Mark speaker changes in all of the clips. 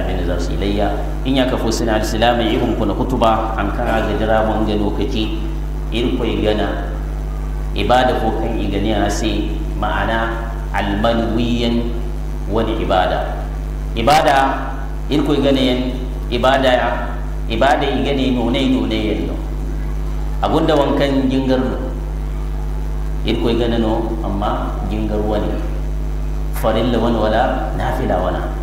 Speaker 1: abin da za su yi layya in ya kafo suna alisilama irin hun kuna kutuba an kara ga jira mun gano kake in gana ibada ko kan gani a sai ma'ana almanwiyan wani ibada ibada in kwai gani yan ibada ibada yi gane nune nune yan no abunda wankan jingar no in kwai gani no amma jingar wani farilla wani wala na fila wani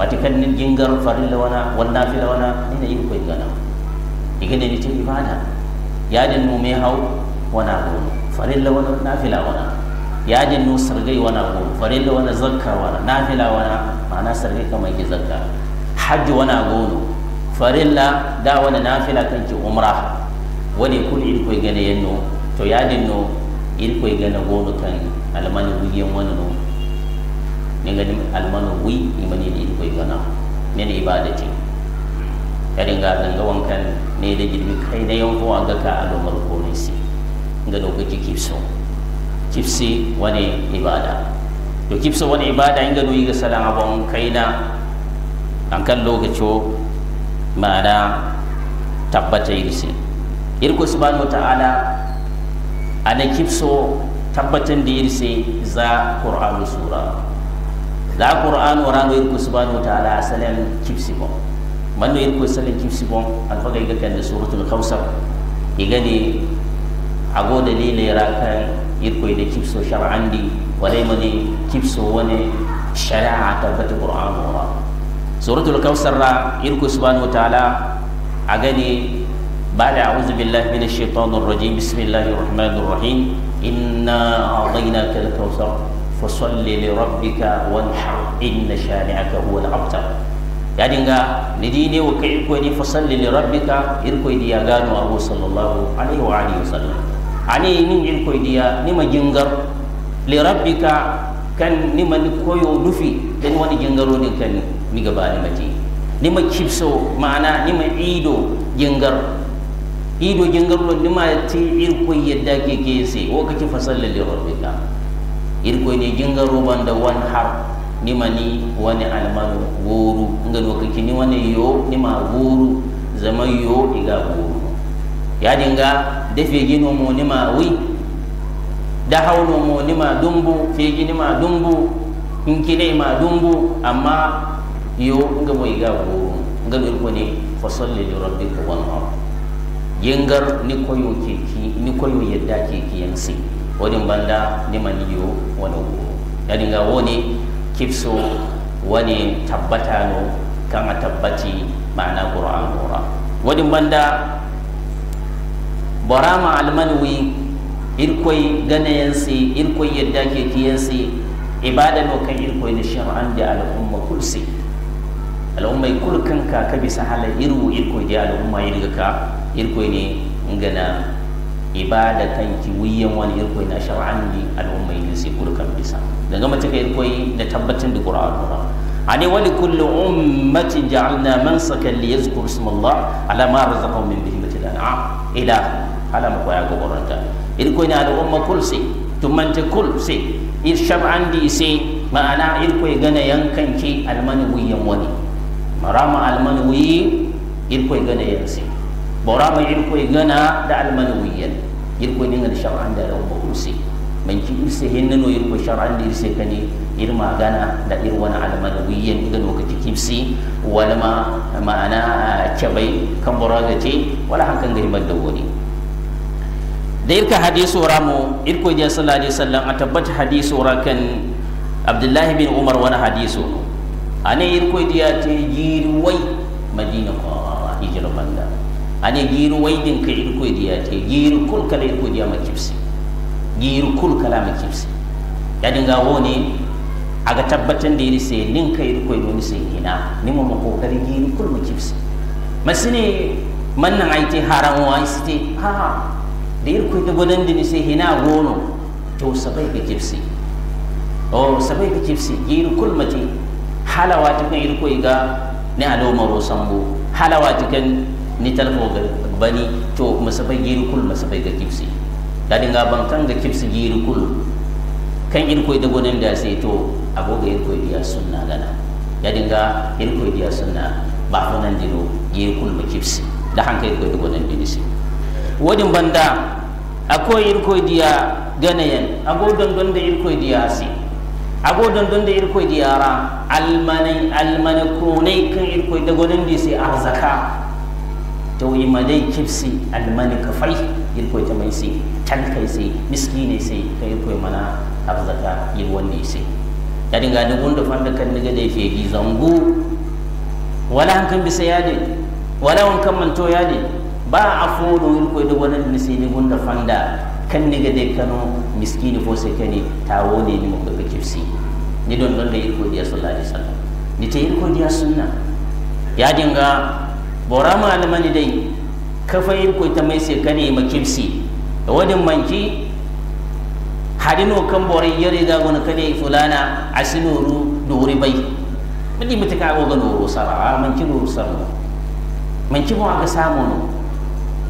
Speaker 1: wati kannin jingar farilla wana wanda fila wana ina yi ko gana. igane ni tin ibada ya din nu me hau wana ko farilla wana nafila wana ya din nu sargai wana ko farilla wana zakka wana nafila wana ma'ana sargai kama yake zakka hajji wana gono farilla da wani nafila kan ki umra wani kun irko gana yanno to ya din yi irko gana gono kan almanu bugiyan wani no ngani almanu imani ni ko igana mene ibadati kare ga dan ga wankan ne da jirbi kai da yanko an ga ka alomar ko ne si ga doka ki kipso kipsi wani ibada to kipso wani ibada inga sala yiga bon kai na an kan lokaco ma'ana tabbata ir ko subhanahu ta'ala ana kipso tabbatan da irisi za qur'anu sura la qur'an warano irko subhanahu wa ta'ala asalan kipsi bon manno irko asalan kipsi bon alfaga iga kan da suratul kawsar iga ago dalile rakan irko da kipso shar'andi walai mani kipso wani shari'a tabbata qur'an wara suratul kawsar ra subhanahu wa ta'ala aga بعد أعوذ بالله من الشيطان الرجيم بسم الله الرحمن الرحيم إنا أعطيناك الكوثر فصل لربك وانحر ne شانعك هو الأبتر يعني نديني وكيكوني فصل لربك إركوي دي أغانو أبو صلى الله عليه وآله وسلم ani nin irkoy diya nima jingar li rabbika kan nima ni koyo dufi dan wani jingaro din kan ni gaba ni mati nima chipso mana nima ido jingar ido jingar lo nima ti irkoy yadda ke kese wo kake fasalla li rabbika irko ne jinga da wani har ni nimani woni almano wooru ngal ki ni wani yo ni ma goro zama yo iga wooru yaadi nga ni ma wi ni ma dumbu ma dumbu ma dumbu amma yo nga mo iga wooru ngal irkoni fa solli li rabbika wanhar yengar ni koyo keki ni koyo yadda keki yansi wodin banda nimaniyo wani wuro kadi ga wani kifso no tabbatano a tabbati ma'ana ƙura'an ƙura wodin banda ma almanwi irkoy ganayensi irkoy yadda ke kiyensi ibada no kan irkoy na shari'an da al'umma kulsi al'umma kul kanka ka bisa hala iru irkoy da al'umma yirga ka irkoy ne ngana Ibada, ibadatanki wiyan wani irkoi na shar'an bi al'umma yin sai kurkan bisa daga mata kai irkoi na tabbatin da qur'an qur'an ani wa li kulli ummatin ja'alna mansakan li yadhkuru ismallah ala ma razaqahum min bihimatil an'am ila ala ma ko ya goboranta irkoi na al'umma kul sai tumante kul sai ir shar'an di sai ma'ana irkoi gana yankanki almani wiyan wani marama almani wiyi irkoi gana yansi borama irkoy gana da almanawiyan irkoy ninga da shar'an da rawa urse manki irse hennano irko shar'an da irse kani irma gana da irwana almanawiyan ga lokaci kimsi wala ma ma'ana cabai kan boraga te wala hankan ga himar da wani da irka hadisu ramu irko ya sallallahu alaihi wasallam a tabbata hadisu rakan abdullahi bin umar wani hadisu ane da ya ce jiri wai madina ko hijira banda ane giru waydin ka irkoydiya te giru kul kala irkoydiya ma kipsi giru kul kala ma kipsi yadi nga woni aga da iri se nin ka ko doni se hina nimo ma kokari giru kul ma kipsi masini man nan aite haram wa isite ha ha da irkoy da godande ni se hina gono to sabai ka kipsi o oh, sabai ka kipsi giru kul mate halawati kan ko iga ne alo maro sambo halawati kan ni talfo bani to masabai giri kul masabai ga kipsi dadi ga bankan ga kipsi giri kul kan irkoi da gonin da sai to aboga irkoi diya sunna gana yadin ga irkoi diya sunna ba funan dino giri kul ma kipsi da hanka irkoi da gonin da sai wadin banda akwai irkoi diya abo don dondon da irkoi diya sai don dondon da irkoi diyara almanai ko kunai kan irkoi da gonin di sai arzaka to imadai kifsi almani kafai irko ta mai sai talkai kai sai miski ne sai ka irko mana arzaka irwan ne sai ya dinga da wanda fanda kan daga da gi zango wala kan bisa ya ne wala kan manto ya ba a fodo irko da wani ne sai ne wanda fanda kan daga da kano ne ko sai kani tawo ne ni mun ga kipsi ni don don da irko da sallallahu alaihi wasallam ni ta irko da sunna ya dinga bora malamani dai kafayin ko ta mai se kane ma kibsi wadin manki hadino kan borai yare ga gona kane fulana asinuru duri bai mudi mutaka go ga nuru sara manki nuru sara manki mu aka samu no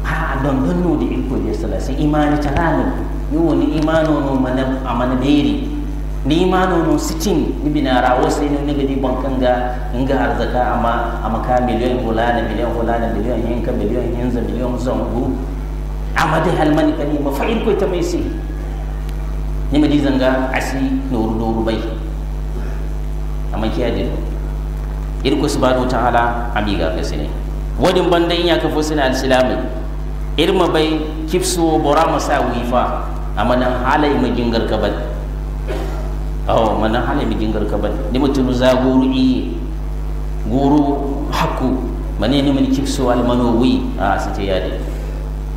Speaker 1: ha don don no di ko ya sala sai imani tarano yo ni imano no mana amana deiri ni ma nono sitin ni rawo sai ne ne gadi bankan ga in ga arzaka amma a maka miliyan hula da miliyan hula da miliyan yanka miliyan yanzu miliyan zangu amma dai halmani kani ma fa'il ko ta mai sai ni ma dizan ga asi noru noru bai amma kiya da irko subhanahu ta'ala amiga ka ne wadin banda in ya kafo suna al-islami irma bai kifso bora masa wifa amma nan halai ka kabal awo mana hali mi jingar ka ban ni mutum za guru i e. guru hakku mane ni mun kipso al manowi a ya de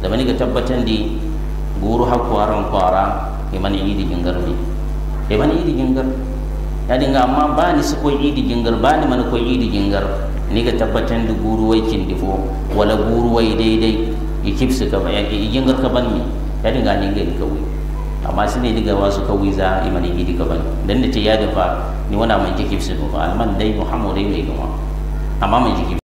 Speaker 1: da mani ga tabbatan di guru hakku aran kwara e mani yi di jingar ni e mani yi di jingar ya dinga amma ba ni su ko yi di jingar ba ni mana ko yi di jingar ni ga tabbatan di guru wai kin difo wala guru wai daidai i kipso ka ba ya jingar ka ban mi ya dinga ni ga kawai amma su ne diga wasu kawiza imani gidi gaban don da ce ya dafa ni wana mai jiki su ba alman dai muhammadu mai gama amma mai jiki